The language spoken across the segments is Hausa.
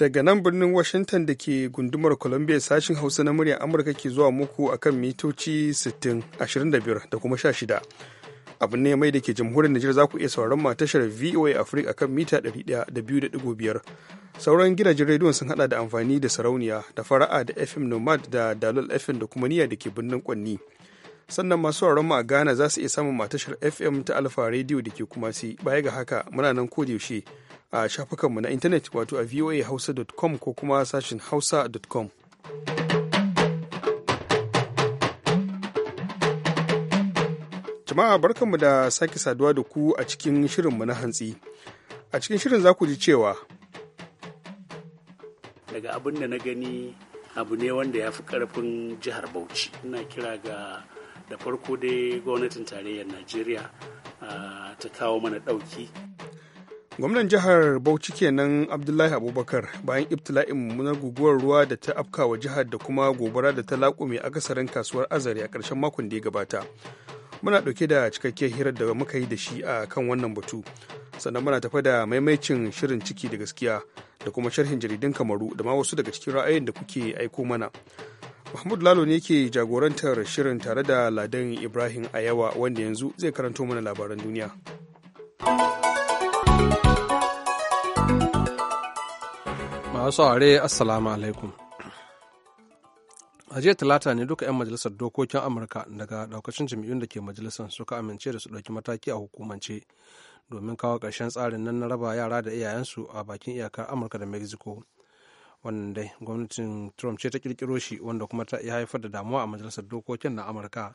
daga nan birnin washington da ke gundumar columbia sashen hausa na muryar amurka ke zuwa muku akan mitoci 60 25 da kuma 16 abin ne mai da ke jamhuriyar Nijar za ku iya sauran ma tashar VOA Africa akan mita 100.5 sauran gidajen rediyon sun hada da amfani da sarauniya da fara'a da FM Nomad da Dalol FM da kuma niyya da ke birnin Kwanni sannan masu sauraron mu a Ghana za su iya samun ma tashar FM ta alfa rediyo da ke kumasi si baya ga haka muna nan ko yaushe a shafukanmu na intanet wato a voahausa.com ko kuma sashin hausa.com. Jama'a barkanmu da sake saduwa da ku a cikin shirinmu na hantsi. A cikin shirin za ku ji cewa daga abin da na gani abu ne wanda ya fi karfin jihar Bauchi. Ina kira ga da farko dai gwamnatin tarayyar Najeriya ta kawo mana ɗauki. gwamnan jihar bauchi kenan abdullahi abubakar bayan ibtila'in mummunar guguwar ruwa da ta afka wa jihar da kuma gobara da ta laƙume akasarin kasuwar azari a ƙarshen makon da ya gabata muna ɗauke da cikakkiyar hirar da muka yi da shi a kan wannan batu sannan muna tafa da maimaicin shirin ciki da gaskiya da kuma sharhin jaridun kamaru da ma wasu daga cikin ra'ayin da kuke aiko mana mahmud lalo ne ke jagorantar shirin tare da ladan ibrahim ayawa wanda yanzu zai karanto mana labaran duniya masu are assalamu alaikum a jiya talata ne duka 'yan majalisar dokokin amurka daga daukacin jami'un da ke majalisar suka amince da su ɗauki mataki a hukumance domin kawo ƙarshen tsarin nan na raba yara da iyayensu a bakin iyakar amurka da mexico wannan dai gwamnatin trump ce ta kirkiro shi wanda kuma ta iya haifar da damuwa a majalisar dokokin na amurka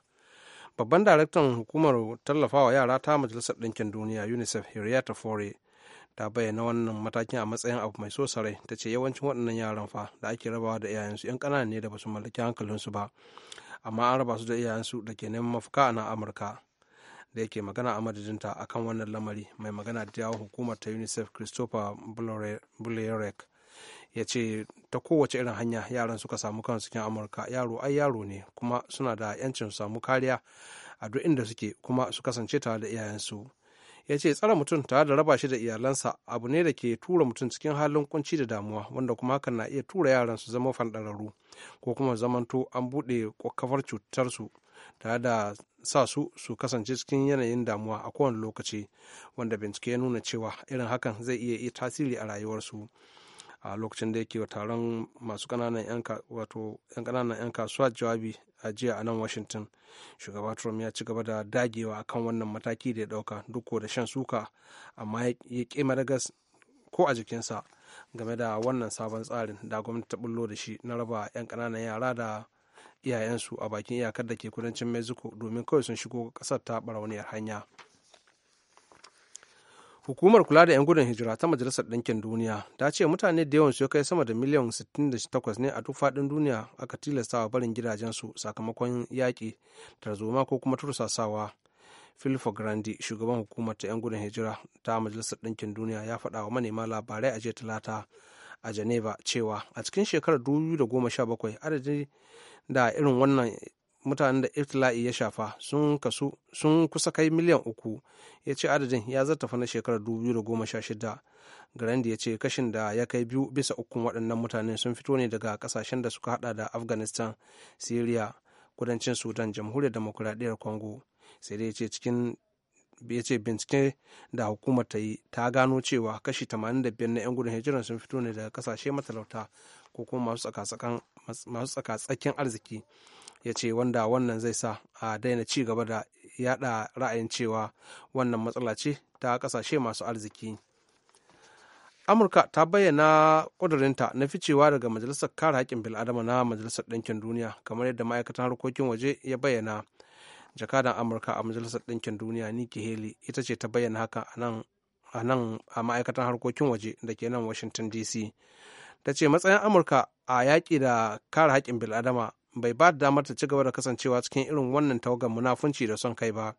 babban daraktan hukumar tallafawa yara ta majalisar ɗinkin duniya unicef henrietta fore ta bayyana wannan matakin a matsayin abu mai so sarai ta ce yawancin waɗannan yaran fa da ake rabawa da iyayensu 'yan ƙanana ne da basu mallaki hankalinsu ba amma an raba su da iyayensu da ke neman mafaka a nan amurka da yake magana a madadinta akan wannan lamari mai magana da yawon hukumar ta unicef christopher bullerek ya ce ta kowace irin hanya yaran suka samu kansu cikin amurka yaro ai yaro ne kuma suna da 'yancin su samu kariya a duk inda suke kuma su kasance tare da iyayensu ya ce tsare mutum tare da raba shi da iyalansa abu ne da ke tura mutum cikin halin kunci da damuwa wanda kuma hakan na iya tura yaran su zama fanɗararru ko kuma zamanto an buɗe kafar su tare da sa su su kasance cikin yanayin damuwa a kowane lokaci wanda bincike ya nuna cewa irin hakan zai iya yi tasiri a rayuwarsu a lokacin da yake taron masu kananan 'yan kasuwa jawabi a jiya a nan washington shugaba trump ya ci gaba da dagewa akan wannan mataki da ya dauka duk da shan suka amma ya ƙi madagas ko a jikinsa game da wannan sabon tsarin da gwamnati ta bullo da shi na raba 'yan kananan yara da iyayensu a bakin iyakar da ke kudancin mexico domin kawai sun shigo ƙasar ta barauniyar hanya hukumar kula da 'yan gudun hijira ta majalisar ɗinkin duniya ta ce mutane da yawan su kai sama da miliyan 68 ne a duk faɗin duniya aka wa barin gidajensu sakamakon yaƙi tarzoma ko kuma tursasawa filfo grandi shugaban hukumar ta 'yan gudun hijira ta majalisar ɗinkin duniya ya faɗa wa manema labarai a jiya talata a geneva cewa a cikin shekarar 2017 adadin da irin wannan mutanen da iftila'i ya shafa sun kusa kai miliyan uku ya ce adadin ya zartafa na shekarar 2016 garandi ya ce kashin da ya kai biyu bisa ukun waɗannan mutane sun fito ne daga ƙasashen da suka hada da afghanistan syria kudancin sudan jamhuriyar demokuraɗiyyar congo sai dai ya ce cikin ya ce bincike da hukumar ta yi ta gano cewa kashi 85 na 'yan gudun hijiran sun fito ne daga kasashe matalauta ko kuma masu tsakatsakin arziki ya ce wanda wannan zai sa a daina ci gaba da yada ra'ayin cewa wannan matsala ce ta kasashe masu arziki amurka ta bayyana ƙudurinta na ficewa daga majalisar kare haƙƙin bil'adama na majalisar ɗinkin duniya kamar yadda ma'aikatan harkokin waje ya bayyana jakadan amurka a majalisar ɗinkin duniya nikki haley ita ce ta bayyana haka a nan a ma'aikatan harkokin waje da ke nan washington dc ta ce matsayin amurka a yaƙi da kare haƙƙin bil'adama bai ba da damar ta ci gaba da kasancewa cikin irin wannan tawagar munafunci da son kai ba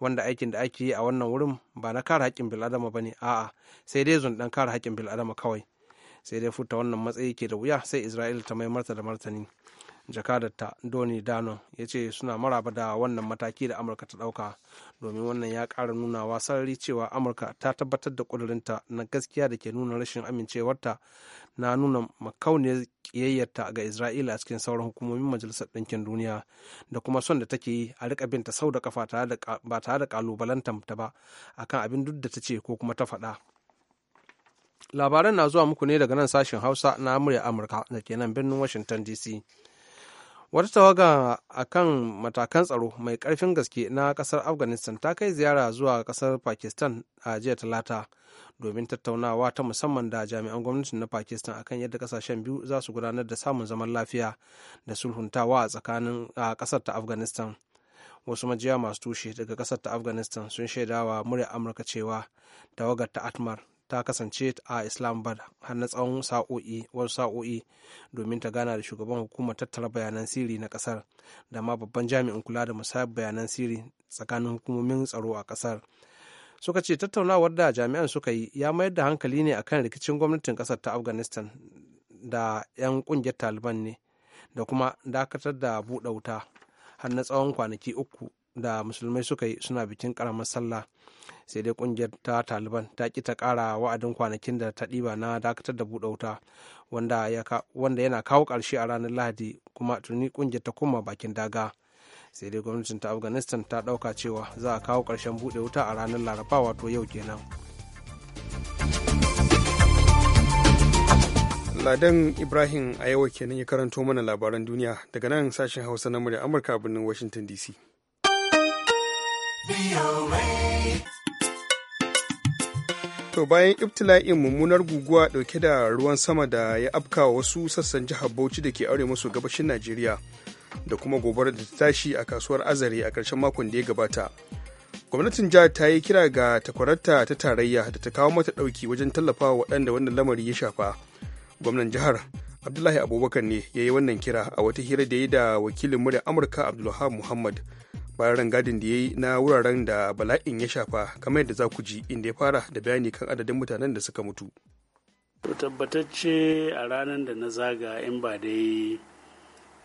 wanda aikin da ake yi a wannan wurin ba na kare haƙƙin bil'adama ba ne a'a sai dai ɗan kare haƙƙin bil'adama kawai sai dai futa wannan matsayi ke da wuya sai isra'ila ta mai marta da martani jakadarta doni dano ya ce suna maraba da wannan mataki da amurka ta ɗauka domin wannan ya kara nunawa sarari cewa amurka ta tabbatar da kudurinta na gaskiya da ke nuna rashin amincewarta na nuna makauniyar kiyayyarta ga isra'ila a cikin sauran hukumomin majalisar ɗinkin duniya da kuma son da take yi a riƙa binta sau da kafa ba tare da ƙalubalanta ta ba akan abin duk da ta ce ko kuma ta faɗa labaran na zuwa muku ne daga nan sashen hausa na murya amurka da ke nan birnin washington dc wata tawaga a kan matakan tsaro mai karfin gaske na kasar afghanistan ta kai ziyara zuwa kasar pakistan a jiya talata domin tattaunawa ta musamman da jami'an gwamnatin na pakistan akan yadda kasashen biyu za su gudanar da samun zaman lafiya da sulhuntawa a tsakanin a kasar ta afghanistan wasu majiya masu tushe daga kasar ta afghanistan sun shaidawa murya amurka cewa tawagar ta atmar ta kasance a islamabad har na tsawon sa'o'i wasu sa'o'i domin ta gana da shugaban hukumar tattara bayanan sirri na kasar da ma babban jami'in kula da musayar bayanan sirri tsakanin hukumomin tsaro a kasar suka ce tattaunawar da jami'an suka yi ya mayar da hankali ne akan rikicin gwamnatin kasar ta afghanistan da 'yan kungiyar taliban ne da kuma dakatar da buɗe wuta har na tsawon kwanaki uku da musulmai suka yi suna bikin karamar sallah sai dai kungiyar ta taliban ta ki ta kara wa'adin kwanakin da ta ɗiba na dakatar da buɗe wuta wanda yana kawo ƙarshe a ranar lahadi kuma tuni kungiyar ta koma bakin daga sai dai gwamnatin ta afghanistan ta ɗauka cewa za a kawo ƙarshen buɗe wuta a ranar laraba wato yau kenan ladan ibrahim a yawa kenan ya karanto mana labaran duniya daga nan sashen hausa na murya amurka birnin washington dc To bayan ibtila'in mummunar guguwa dauke da ruwan sama da ya afka wasu sassan jihar Bauchi da ke aure masu gabashin Najeriya da kuma gobara da ta tashi a kasuwar Azare a ƙarshen makon da ya gabata. Gwamnatin jihar ta yi kira ga takwararta ta tarayya da ta kawo mata ɗauki wajen tallafa wa waɗanda wannan lamari ya shafa. Gwamnan jihar Abdullahi Abubakar ne ya yi wannan kira a wata hira da ya yi da wakilin murya Amurka Abdulhamid Muhammad bayan gadin da ya yi na wuraren da bala'in ya shafa kamar yadda za ku ji inda ya fara da bayani kan adadin mutanen da suka mutu tabbatacce a ranar da na zaga in ba dai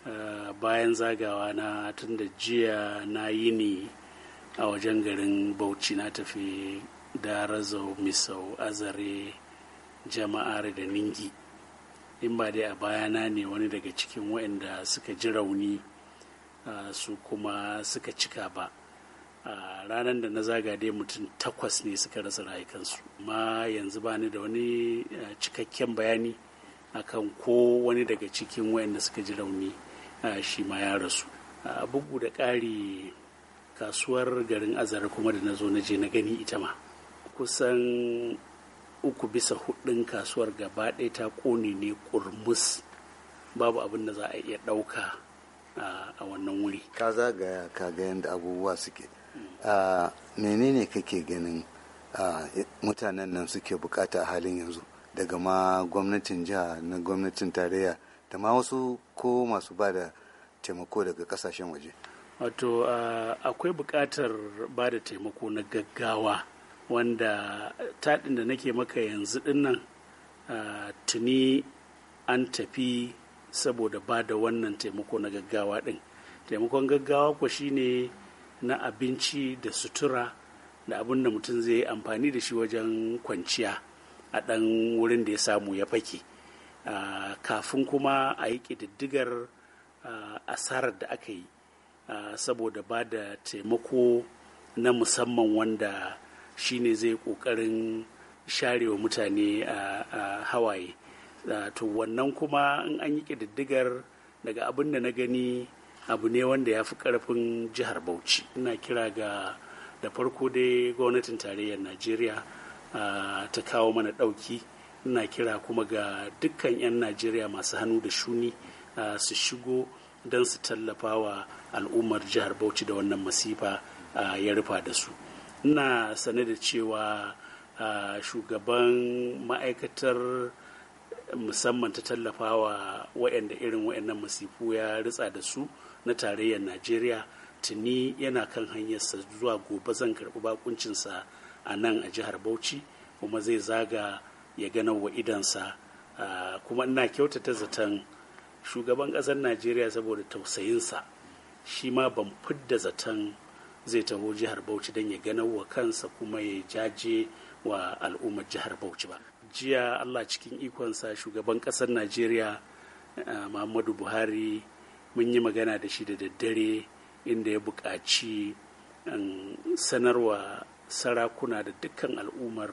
eh, bayan zagawa na tun da jiya na yi ne a wajen garin bauchi na tafi da razau misau azare jama'ar da ningi in ba dai a bayana ne wani daga cikin waɗanda suka ji rauni su kuma suka cika ba a ranar da na zaga dai mutum takwas ne suka rasa rayukansu ma yanzu bani da wani cikakken bayani akan ko wani daga cikin wayanda suka ji rauni shi ma ya rasu a bugu da ƙari kasuwar garin azara kuma da na zo na je na gani ita ma kusan uku bisa hudun kasuwar gaba ɗaya ta ƙone ne ƙurmus babu abin da za a iya ɗauka a wannan wuri ka zagaya ka ga yadda abubuwa suke menene kake ganin mutanen nan suke bukata halin yanzu daga ma gwamnatin jiha na gwamnatin tarayya da ma wasu ko masu ba da taimako daga kasashen waje wato akwai bukatar ba da taimako na gaggawa wanda taɗin da nake maka yanzu dinnan tuni an tafi saboda ba da wannan taimako na gaggawa ɗin taimakon gaggawa ko shine na abinci da sutura da abin da mutum zai amfani da shi wajen kwanciya a ɗan wurin da ya samu ya fake kafin kuma a yi ƙididdigar asarar da aka yi saboda ba da taimako na musamman wanda shine zai ƙoƙarin sharewa mutane a hawaye to wannan kuma in an yi ƙididdigar daga abin da na gani abu ne wanda ya fi ƙarfin jihar bauchi ina kira ga da farko dai gwamnatin tarayyar najeriya ta kawo mana ɗauki ina kira kuma ga dukkan 'yan najeriya masu hannu da shuni su shigo don su tallafa wa al'ummar jihar bauchi da wannan masifa ya rufa da su ina sane da cewa shugaban ma'aikatar musamman ta tallafawa waɗanda irin waɗannan masifu ya ritsa da su na tarayyar najeriya tuni yana kan hanyarsa zuwa gobe zan karɓi bakuncinsa a nan a jihar bauchi kuma zai zaga ya gana wa idansa ah, kuma ina kyautata zaton shugaban ƙasar najeriya saboda tausayinsa shi ma ban fidda zaton zai taho jihar bauchi don ya gana wa kansa kuma ya jaje wa al'ummar jihar bauchi ba jiya allah cikin ikonsa shugaban ƙasar najeriya eh, muhammadu buhari mun yi magana da shi da daddare inda ya buƙaci um, sanarwa sarakuna da dukkan al'ummar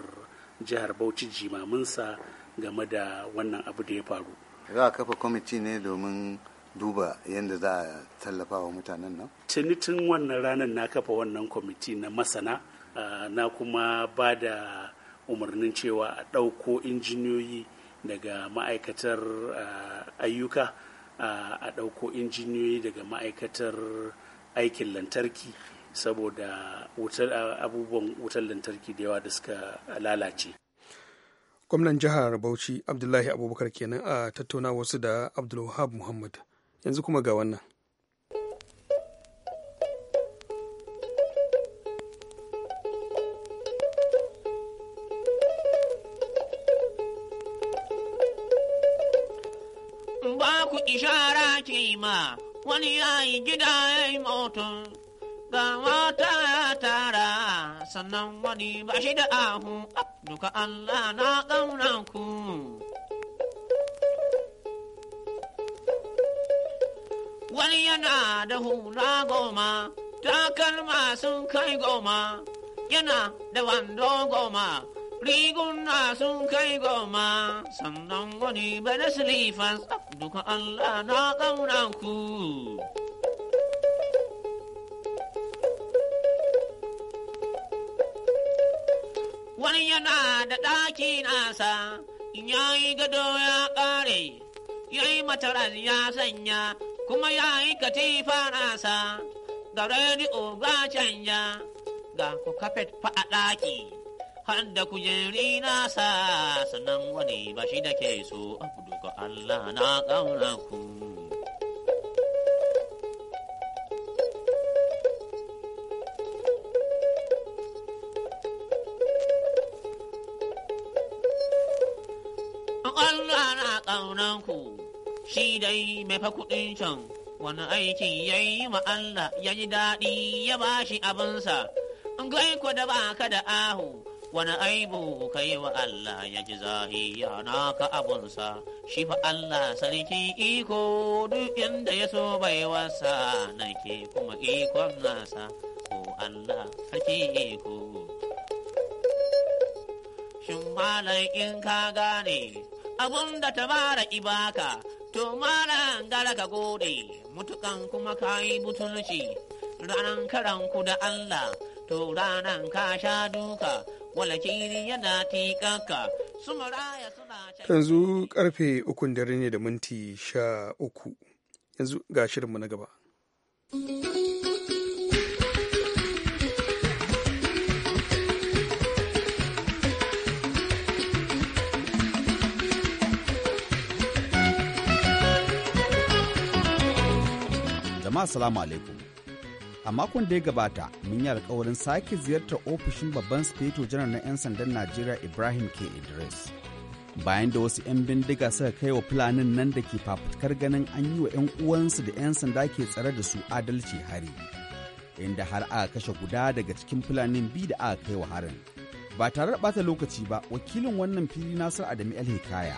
jihar bauchi jimaminsa game da wannan abu da ya faru za a kafa kwamiti ne domin duba yadda za a tallafa wa mutanen nan tuni wannan ranar na kafa wannan kwamiti na masana ah, na kuma ba da umarnin cewa a ɗauko injiniyoyi daga ma'aikatar uh, ayyuka uh, a ɗauko injiniyoyi daga ma'aikatar aikin lantarki saboda uh, abubuwan wutar lantarki da yawa da suka lalace gwamnan jihar bauchi abdullahi abubakar kenan a tattauna wasu da abdulwahab muhammad yanzu kuma ga wannan ma wani ya yi gida ya yi mutum ga mata ya tara sannan wani ba shi da ahu duka Allah na ƙaunan ku. Wani yana da hula goma, takalma sun kai goma, yana da wando goma. riguna sun kai goma sannan wani bana silifas duka Allah na ƙauna ku. Wani yana da ɗaki nasa, ya yi gado ya ƙare, ya yi mataras ya sanya, kuma ya yi katifa nasa, ga rediyo ga canja, ga ku kafet fa a ɗaki. hadda kujeri na sa sanan wani ba shi da ke so abu duka Allah na ƙauna ku. Allah na ƙaunan ku shi dai mai fa kuɗin can wani aiki ya yi ma Allah ya ji daɗi ya ba shi abinsa. Gai ku da ba ka da ahu, wani aibu ka yi wa Allah ya ji zahiya naka abunsa shi fa Allah sarki iko duk inda ya so bai wasa nake kuma ikon nasa ko Allah sarki iko shin malam in ka gane abun da tabara ibaka to mara gara ka gode mutukan kuma ka yi butulci ranan karanku da Allah to ranan ka sha duka yanzu karfe ukun dare ne da minti sha uku yanzu ga shirinmu na gaba jama'a salamu alaikum a makon da ya gabata mun yi alkawarin sake ziyartar ofishin babban sufeto janar na 'yan sandan najeriya ibrahim k idris bayan da wasu 'yan bindiga suka kai wa fulanin nan da ke fafutkar ganin an yi wa 'yan uwansu da 'yan sanda ke tsare da su adalci hari inda har aka kashe guda daga cikin fulanin bi da aka kai wa harin ba tare da bata lokaci ba wakilin wannan fili nasir adami hikaya.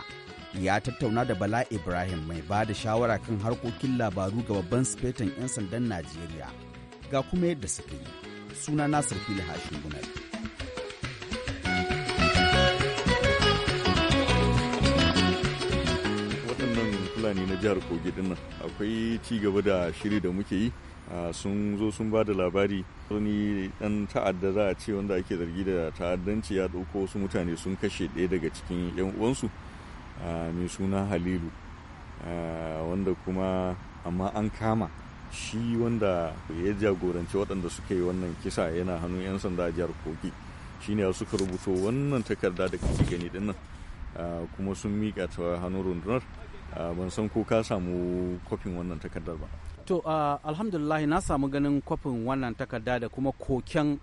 ya tattauna da bala ibrahim mai ba da shawara kan harkokin labaru ga babban sufetan 'yan sandan najeriya ga kuma yadda suka yi suna nasir fili hashin gunar waɗannan fulani na jihar kogi dinnan akwai ci gaba da shiri da muke yi sun zo sun ba da labari wani ɗan ta'adda za a ce wanda ake zargi da ta'addanci ya ɗauko wasu mutane sun kashe ɗaya daga cikin 'yan uwansu mai suna halilu wanda kuma amma an kama shi wanda ya jagoranci waɗanda suka yi wannan kisa yana hannun 'yan sanda a jihar kogi shine suka rubuto wannan takarda da kake gani dinnan ah, kuma sun miƙa ta hannun rundunar ah, ban san ko ka samu kwafin wannan takardar ba to ah, alhamdulillah na samu ganin kwafin wannan takarda da kuma koken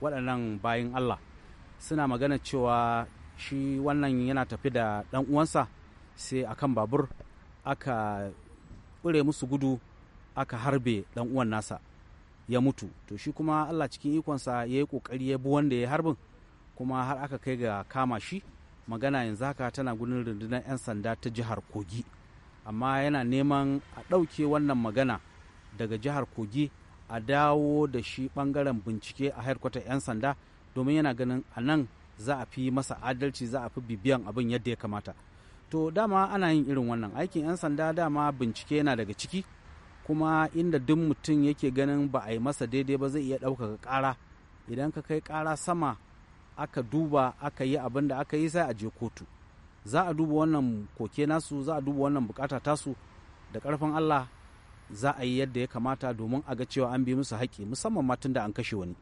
waɗannan bayan allah suna magana cewa shi wannan yana tafi da ɗan uwansa sai akan babur aka bure musu gudu aka harbe dan uwan nasa ya mutu to shi kuma Allah cikin ikonsa ya yi kokari ya bi wanda ya harbin kuma har aka kai ga kama shi magana yanzu haka tana gudun rundunar 'yan sanda ta jihar kogi amma yana neman a ɗauke wannan magana daga jihar kogi a dawo da shi ɓangaren bincike a harkwata 'yan sanda domin yana ganin a nan za a fi masa adalci za a fi bibiyan abin yadda ya kamata to dama ana yin irin wannan aikin 'yan sanda dama bincike yana daga ciki kuma inda duk mutum yake ganin ba a yi masa daidai ba zai iya ɗaukaka ƙara idan ka kai ƙara sama aka duba aka yi abin da aka yi sai a je kotu za a duba wannan koke nasu za a duba wannan bukata tasu da ƙarfin allah za a yi yadda ya kamata domin a ga cewa an bi musu haƙƙi musamman ma tunda an kashe wani.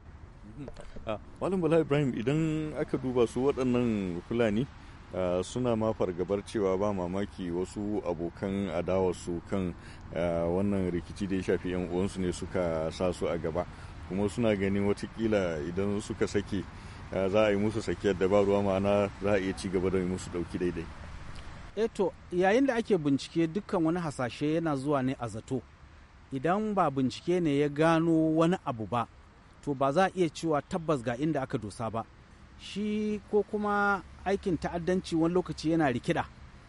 Mm-hmm. Ah, Malam Bala Ibrahim idan aka duba su waɗannan Fulani Eh, suna ma fargabar cewa ba mamaki wasu abokan adawarsu kan eh, wannan rikici da ya shafi 'yan uwansu ne suka sa su a gaba kuma suna ganin watakila idan suka sake eh, za a yi musu sake da ba ruwa ma'ana za a iya ci gaba da yi musu dauki daidai eto yayin da ake bincike dukkan wani hasashe yana zuwa ne a zato idan ba bincike ne ya gano wani abu ba to ba za a iya cewa tabbas ga inda aka dosa ba shi ko kuma aikin ta'addanci wani lokaci yana rikida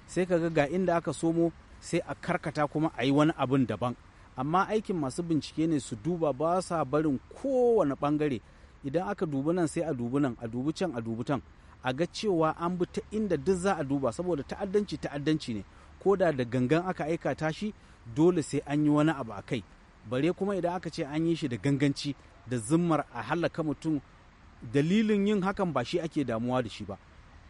sai ka ga inda aka somo sai a karkata kuma a yi wani abin daban amma aikin masu bincike ne su duba ba sa barin kowane bangare idan aka dubi nan sai a dubi nan a dubi can a dubi can a ga cewa an bi ta inda duk za a duba saboda ta'addanci ta'addanci ne ko da da gangan aka aika ta shi dole sai an yi wani abu a kai bare kuma idan aka ce an yi shi da ganganci da zimmar a halaka mutum dalilin yin hakan ba shi ake damuwa da shi ba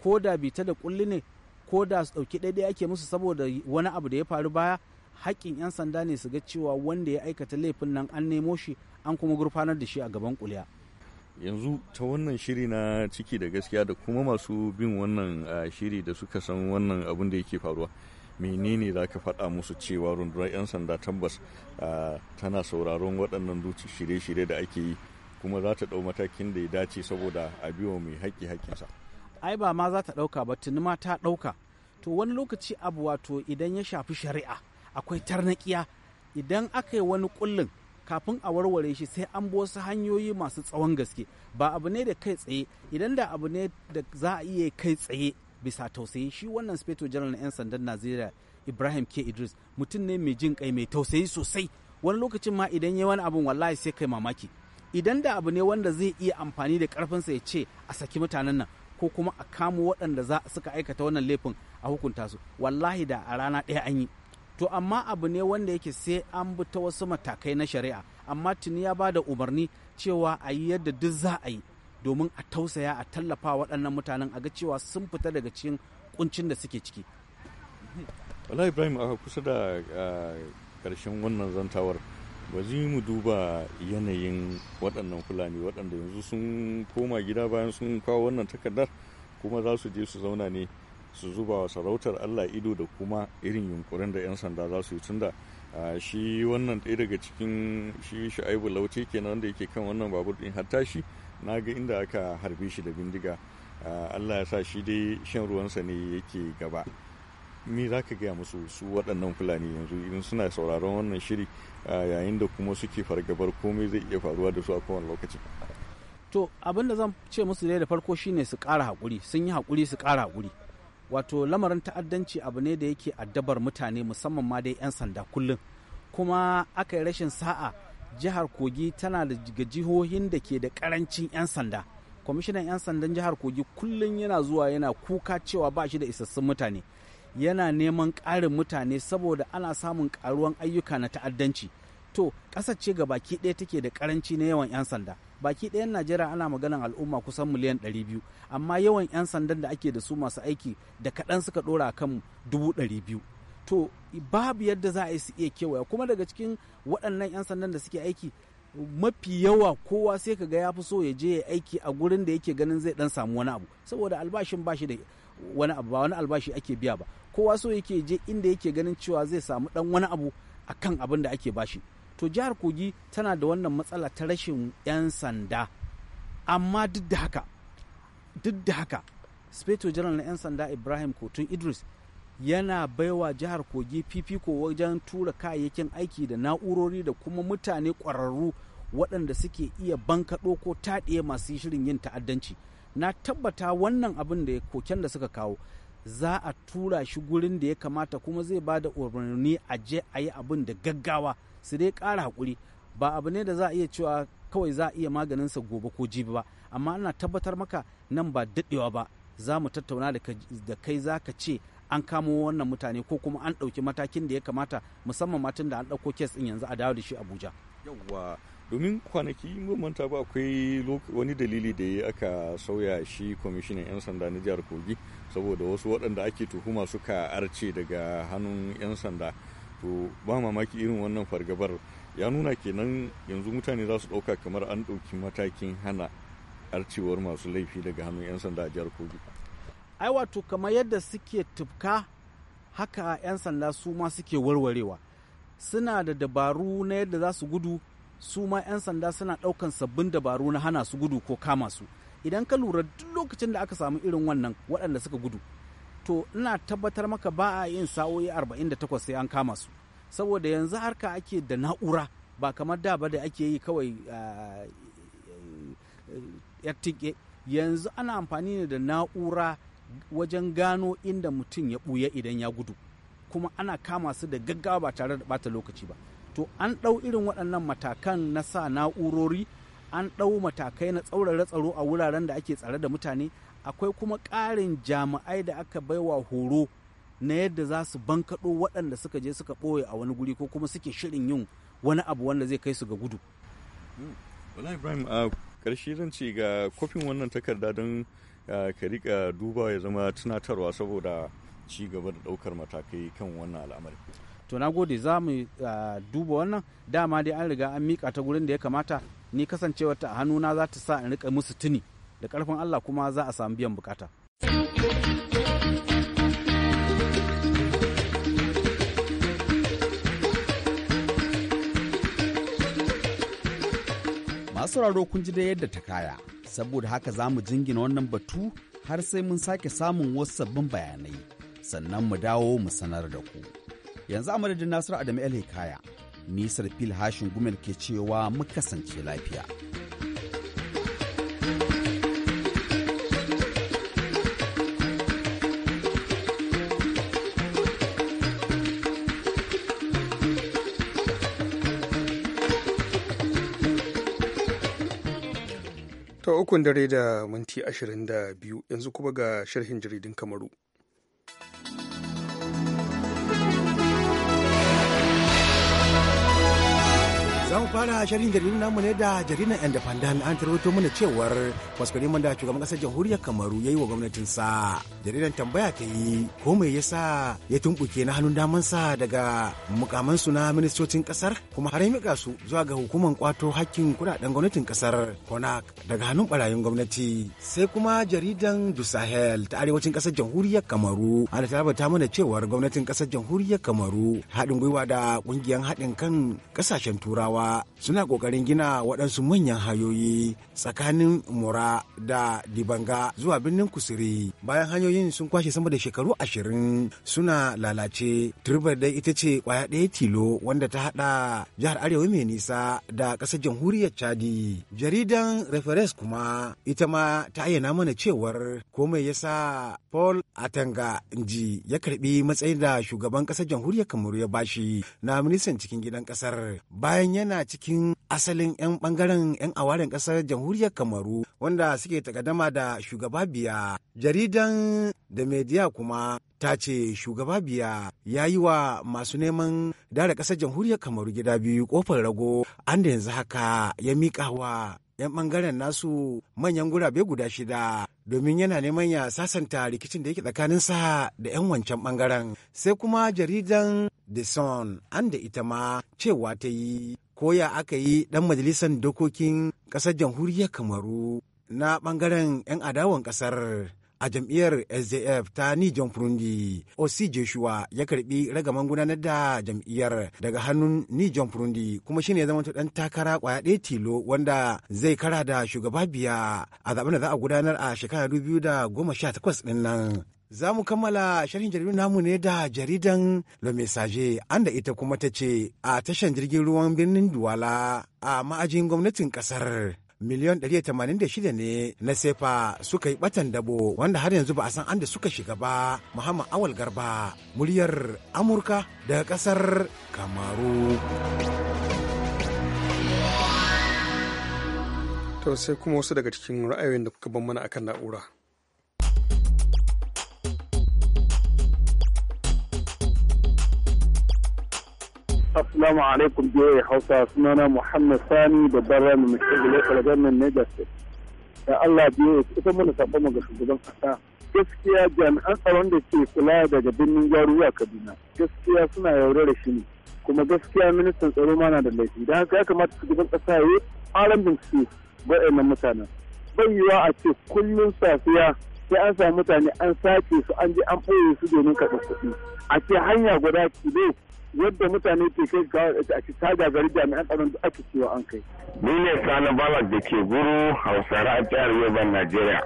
ko da bita da kulli ne ko da su ɗauki ɗaiɗai ake musu saboda wani abu da ya faru baya haƙƙin 'yan sanda ne su ga cewa wanda ya aikata laifin nan an nemo shi an kuma gurfanar da shi a gaban kuliya. yanzu ta wannan shiri na ciki da gaskiya da kuma masu bin wannan shiri da suka san wannan abin da yake faruwa menene za ka faɗa musu cewa rundunar 'yan sanda tabbas tana sauraron waɗannan shirye-shirye da ake yi kuma za ta ɗau matakin da ya dace saboda a biyo mai haƙƙi haƙƙinsa ai ba ma za ta ɗauka ba tuni ma ta ɗauka to wani lokaci abu wato idan ya shafi shari'a akwai tarnaƙiya idan aka yi wani kullum kafin a warware shi sai an bi wasu hanyoyi masu tsawon gaske ba abu ne da kai tsaye idan da abu ne da za a iya kai tsaye bisa tausayi shi wannan speto general na 'yan sandan najeriya ibrahim ke idris mutum ne mai jin kai mai tausayi sosai wani lokacin ma idan ya wani abun wallahi sai kai mamaki idan da abu ne wanda zai iya amfani da karfinsa ya ce a saki mutanen nan ko kuma a kamo waɗanda za suka aikata wannan laifin a hukunta su wallahi da a rana ɗaya an yi to amma abu ne wanda yake sai an bi ta wasu matakai na shari'a amma tuni ya ba da umarni cewa a yi yadda duk za a yi domin a tausaya a tallafa waɗannan mutanen a ga cewa sun fita daga cikin kuncin da suke ciki wala ibrahim a kusa da ƙarshen wannan zantawar ba zai mu duba yanayin waɗannan fulani waɗanda yanzu sun koma gida bayan sun kawo wannan takardar kuma za su je su zauna ne su zuba wa sarautar allah ido da kuma irin yunkurin da 'yan sanda za su yi tunda shi wannan ɗaya daga cikin shi sha'ibu lauce kenan da yake kan wannan babur ɗin hatta shi na ga inda aka harbe shi da bindiga allah ya sa shi dai shan ruwansa ne yake gaba me za ka gaya musu su waɗannan fulani yanzu idan suna sauraron wannan shiri yayin da kuma suke fargabar komai zai iya faruwa da su a kowane lokaci to abin da zan ce musu dai da farko shine su kara haƙuri sun yi haƙuri su kara haƙuri wato lamarin ta'addanci abu ne da yake addabar mutane musamman ma dai 'yan sanda kullum kuma aka yi rashin sa'a jihar kogi tana da jihohin da ke da ƙarancin 'yan sanda kwamishinan 'yan sandan jihar kogi kullum yana zuwa yana kuka cewa ba shi da isassun mutane yana neman ƙarin mutane saboda ana samun ƙaruwan ayyuka na ta'addanci to ƙasar ce ga baki ɗaya take da ƙaranci na yawan 'yan sanda baki ɗayan najeriya ana maganan al'umma kusan miliyan 200 amma yawan 'yan sandan da ake da su masu aiki da kaɗan suka ɗora a kan 200 to babu yadda za a yi su iya kewaya kuma daga cikin waɗannan 'yan sandan da suke aiki mafi yawa kowa sai ka ga ya fi so ya je ya aiki a gurin da yake ganin zai ɗan samu wani abu saboda albashin bashi da wani abu ba wani albashi ake biya ba kowa so yake je inda yake ganin cewa zai samu dan wani abu a kan abin da ake bashi to jihar kogi tana da wannan matsala ta rashin 'yan sanda amma duk da haka duk da haka speto general na 'yan sanda ibrahim kotun idris yana baiwa jihar kogi fifiko wajen tura kayayyakin aiki da na'urori da kuma mutane ƙwararru waɗanda suke iya bankaɗo ko taɗiye masu shirin yin ta'addanci na tabbata wannan abin da koken da suka kawo za a tura shi gurin da ya kamata kuma zai ba da umarni a je a yi abin da gaggawa su dai kara hakuri ba abu ne da za a iya cewa kawai za a iya maganinsa gobe ko jibi ba amma ana tabbatar maka nan ba daɗewa ba za mu tattauna da kai za ka ce an kamo wannan mutane ko kuma an ɗauki matakin da ya kamata musamman matan da an ɗauko kes ɗin yanzu a dawo da shi abuja yawwa domin kwanaki manta ba akwai wani dalili da ya aka sauya shi kwamishinan 'yan sanda na jihar kogi saboda wasu waɗanda ake tuhuma suka arce daga hannun 'yan sanda to ba mamaki irin wannan fargabar ya nuna kenan yanzu mutane za su ɗauka kamar an ɗauki matakin hana arcewar masu laifi daga hannun 'yan sanda a jihar kogi ai wato kamar yadda suke tufka haka 'yan sanda su ma suke warwarewa suna da dabaru na yadda za su gudu su ma 'yan sanda suna ɗaukan sabbin dabaru na hana su gudu ko kama su idan ka lura duk lokacin da aka samu irin wannan waɗanda suka gudu to ina tabbatar maka ba a yin sa'o'i 48 sai an kama su saboda yanzu harka ake da na'ura ba kamar da ba da ake yi kawai tike ah, eh, eh, eh, yanzu ana amfani ne da na'ura wajen gano inda mutum ya ɓuya idan ya gudu kuma ana kama su da gaggawa ba tare da ɓata lokaci ba to an ɗau irin waɗannan matakan na sa na'urori an ɗau matakai na tsaurara tsaro a wuraren da ake tsare da mutane akwai kuma ƙarin jami'ai da aka baiwa horo na yadda za su bankaɗo waɗanda suka je suka ɓoye a wani guri ko kuma suke shirin yin wani abu wanda zai kai su ga gudu. Hmm. Wala Ibrahim a ƙarshe zan ce ga kofin wannan takarda don ka rika duba ya zama tunatarwa saboda ci gaba da ɗaukar matakai kan wannan al'amari. to na gode za mu ah, duba wannan dama dai an riga an mika ta gurin da ya kamata ni kasancewar ta a hannuna za ta sa in rika musu tuni da karfin Allah kuma za a samu biyan bukata masu sauraro kun ji da yadda ta kaya saboda haka za mu jingina wannan batu har sai mun sake samun wasu sabbin bayanai sannan mu dawo mu sanar da ku. yanzu a madadin nasiru adamu el hikaya nisar fil hashin gumel ke cewa mu kasance lafiya ta ukun dare da minti biyu, yanzu kuma ga sharhin jaridin kamaru fara shirin jaridun namu ne da jaridan Independent an tarwato mana cewar kwaskwarin da shugaban kasar jamhuriyar Kamaru ya yi wa gwamnatinsa. Jaridan tambaya ta yi ko me yasa ya tumbuke na hannun daman sa daga mukamansu na ministocin kasar kuma har mika su zuwa ga hukumar kwato hakkin kudaden gwamnatin kasar Konak daga hannun barayin gwamnati. Sai kuma jaridan Du Sahel ta arewacin kasar jamhuriyar Kamaru an tarabata mana cewar gwamnatin kasar jamhuriyar Kamaru haɗin gwiwa da ƙungiyar haɗin kan ƙasashen Turawa suna ƙoƙarin gina waɗansu manyan hanyoyi tsakanin mura da dibanga zuwa birnin kusuri bayan hanyoyin sun kwashe sama da shekaru ashirin suna lalace turbar dai ita ce kwaya ɗaya tilo wanda ta haɗa jihar arewa mai nisa da ƙasar jamhuriyar chadi jaridan reference kuma ita ma ta ayyana mana cewar komai yasa paul atanga inji ya karbi matsayin da shugaban ƙasar jamhuriyar kamaru ya bashi na ministan cikin gidan ƙasar bayan yana cikin cikin asalin 'yan bangaren 'yan awaren kasar jamhuriyar kamaru wanda suke takadama da shugaba biya jaridan da media kuma ta ce shugaba biya ya yi wa masu neman dare kasar jamhuriyar kamaru gida biyu kofar rago an da yanzu haka ya miƙa wa 'yan bangaren nasu manyan gurabe guda shida domin yana neman ya sasanta rikicin da yake sa da 'yan wancan bangaren sai kuma jaridan the sun an da ita ma cewa ta yi koya aka yi ɗan majalisar dokokin ƙasar jamhuriyar kamaru na ɓangaren 'yan adawan ƙasar a jam'iyyar sdf ta nijon furundi osi joshua ya karbi ragaman gudanar da jam'iyyar daga hannun nijon furundi kuma shine ya zama dan takara kwaya ɗaya tilo wanda zai kara da shugaba biya a zaben da za a gudanar a shekara 2018 takwas nan za mu kammala sharhin jaridun namu ne da jaridan Le Message an da ita kuma ta ce a tashan jirgin ruwan birnin Duwala a ma'ajin gwamnatin kasar. miliyan 186 ne na sefa suka yi batan dabo wanda har yanzu ba a san an da suka shiga ba Muhammad Awal Garba muryar Amurka da kasar Kamaru. To kuma wasu daga cikin ra'ayoyin da kuka ban mana akan na'ura. Assalamu alaikum biyoyi Hausa sunana Muhammad Sani babban rami mai shigile kalgarnin nan ne Da Allah ya ita mana saɓa ga shugaban kasa Gaskiya jami'an tsaron da ke kula daga birnin Jaruwa Kaduna. Gaskiya suna yaure da shi ne. Kuma gaskiya ministan tsaro ma na da laifi. Da haka ya kamata shugaban kasa ya yi aran bincike ba'annan mutanen. Bai yiwa a ce kullum safiya sai an samu mutane an sace su an je an ɓoye su domin karɓar kuɗi. A ce hanya guda kilo yadda mutane ke kai a ta gagari jami'an tsaron da ake cewa an kai. Ni ne Sani Balak da ke guru Hausare a jihar Yoruba Najeriya.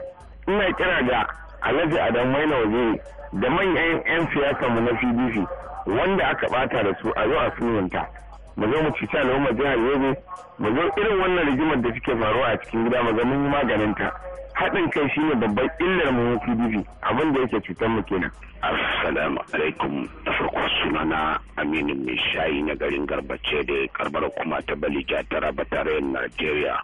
Ina kira ga Alhaji Adam Maina Waziri da manyan 'yan siyasa mu na PDP wanda aka bata da su a yau a sunanta. Mu zo mu ta lauma jihar Yobe, mu zo irin wannan rigimar da suke faruwa a cikin gida mu ga mun yi maganinta. haɗin kai shine babban illar mu bibi abin da yake cutar mu kenan assalamu alaikum da farko sunana aminu mai shayi na garin garbace da karbar kuma ta balija tara tarayyar najeriya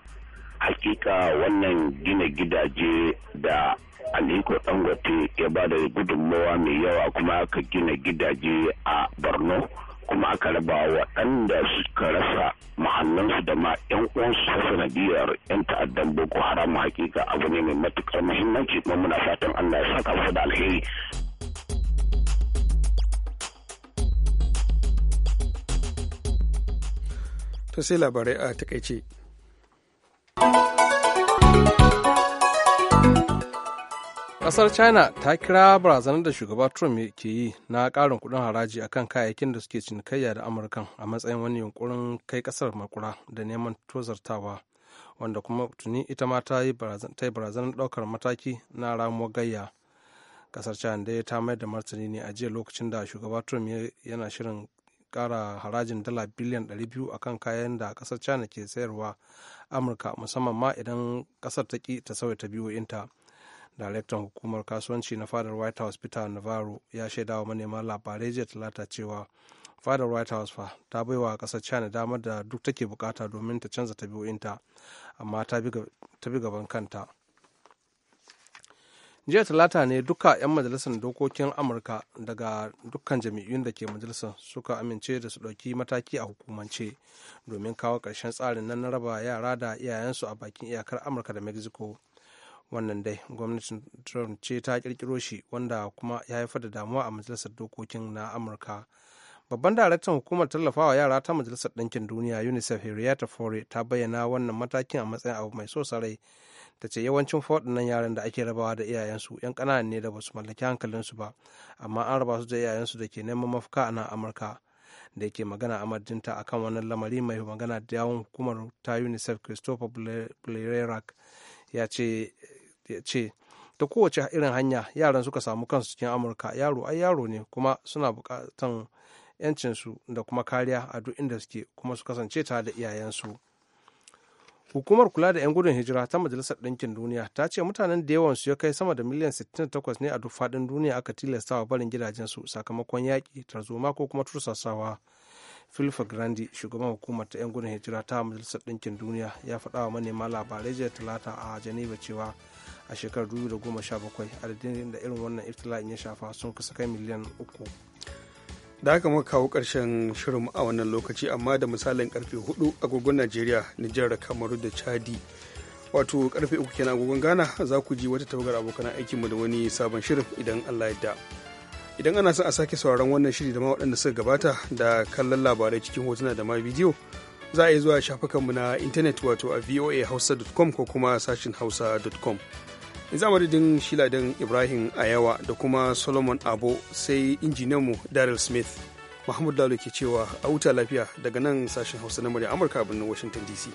hakika wannan gina gidaje da aliko dangote ya ba da gudunmawa mai yawa kuma aka gina gidaje a borno kuma aka raba waɗanda suka rasa mahallansu da ma 'yan uwansu ta sanadiyar 'yan ta'addan boko haram hakika abu ne mai matukar muhimmanci kuma muna fatan allah ya saka musu da alheri to sai labarai a takaice kasar China ta kira barazanar da shugaba Trump ke yi na karin kudin haraji akan kayayyakin da suke cinikayya da amurka a matsayin wani yunkurin kai kasar makura da neman tozartawa wanda kuma tuni ita ma ta yi barazanar daukar mataki na ramuwa gayya. kasar China dai ta mai da martani ne a jiya lokacin da shugaba Trump yana shirin kara harajin dala biliyan 200 akan kayan da kasar china ke sayarwa amurka musamman ma idan kasar ta ki ta sauya ta biyoyinta daraktan hukumar kasuwanci na fadar white house peter navarro ya shaida wa manema labarai jiya talata cewa fadar white house fa ta bai wa kasar china damar da duk take bukata domin ta canza tabi'o'inta amma ta bi gaban kanta jiya talata ne duka 'yan majalisar dokokin amurka daga dukkan jami'un da ke majalisar suka amince da su ɗauki mataki a hukumance domin kawo karshen tsarin nan na raba yara da iyayensu a bakin iyakar amurka da mexico wannan dai gwamnatin trump ce ta kirkiro shi wanda kuma ya haifar da damuwa a majalisar dokokin na amurka babban daraktan hukumar tallafawa yara ta majalisar ɗinkin duniya unicef henrietta fore ta bayyana wannan matakin a matsayin abu mai so sarai ta ce yawancin faɗinan yaran da ake rabawa da iyayensu yan ƙananan ne da ba su mallaki hankalinsu ba amma an raba su da iyayensu da ke neman mafaka a nan amurka da ke magana a madinta akan wannan lamari mai magana da yawon hukumar ta unicef christopher blairak ya ce ya ce ta kowace irin hanya yaran suka samu kansu cikin amurka yaro ai yaro ne kuma suna bukatan yancinsu da kuma kariya a duk inda suke kuma su kasance tare da iyayensu hukumar kula da 'yan gudun hijira ta majalisar ɗinkin duniya ta ce mutanen da yawan su ya kai sama da miliyan 68 ne a duk faɗin duniya aka tilasta wa barin gidajensu sakamakon yaƙi tarzoma ko kuma tursasawa filfa grandi shugaban hukumar ta 'yan gudun hijira ta majalisar ɗinkin duniya ya faɗa wa manema labarai jiya talata a geneva cewa a shekarar 2017 adadin da irin wannan iftila'in ya shafa sun kusa kai miliyan uku da haka muka kawo ƙarshen shirin a wannan lokaci amma da misalin karfe hudu agogon najeriya nijar kamaru da chadi wato karfe 3 kenan agogon ghana za ku ji wata tawagar abokan mu da wani sabon shirin idan allah ya da idan ana son a sake sauraron wannan shiri da ma waɗanda suka gabata da kallon labarai cikin hotuna da ma bidiyo za a yi zuwa shafukanmu na intanet wato a voa voahausa.com ko kuma sashin hausa.com yanzu madadin shiladin ibrahim ayawa da kuma solomon abo sai injinanmu daryl smith mahmud lalo ke cewa a wuta lafiya daga nan sashen hausa na murya amurka birnin washington dc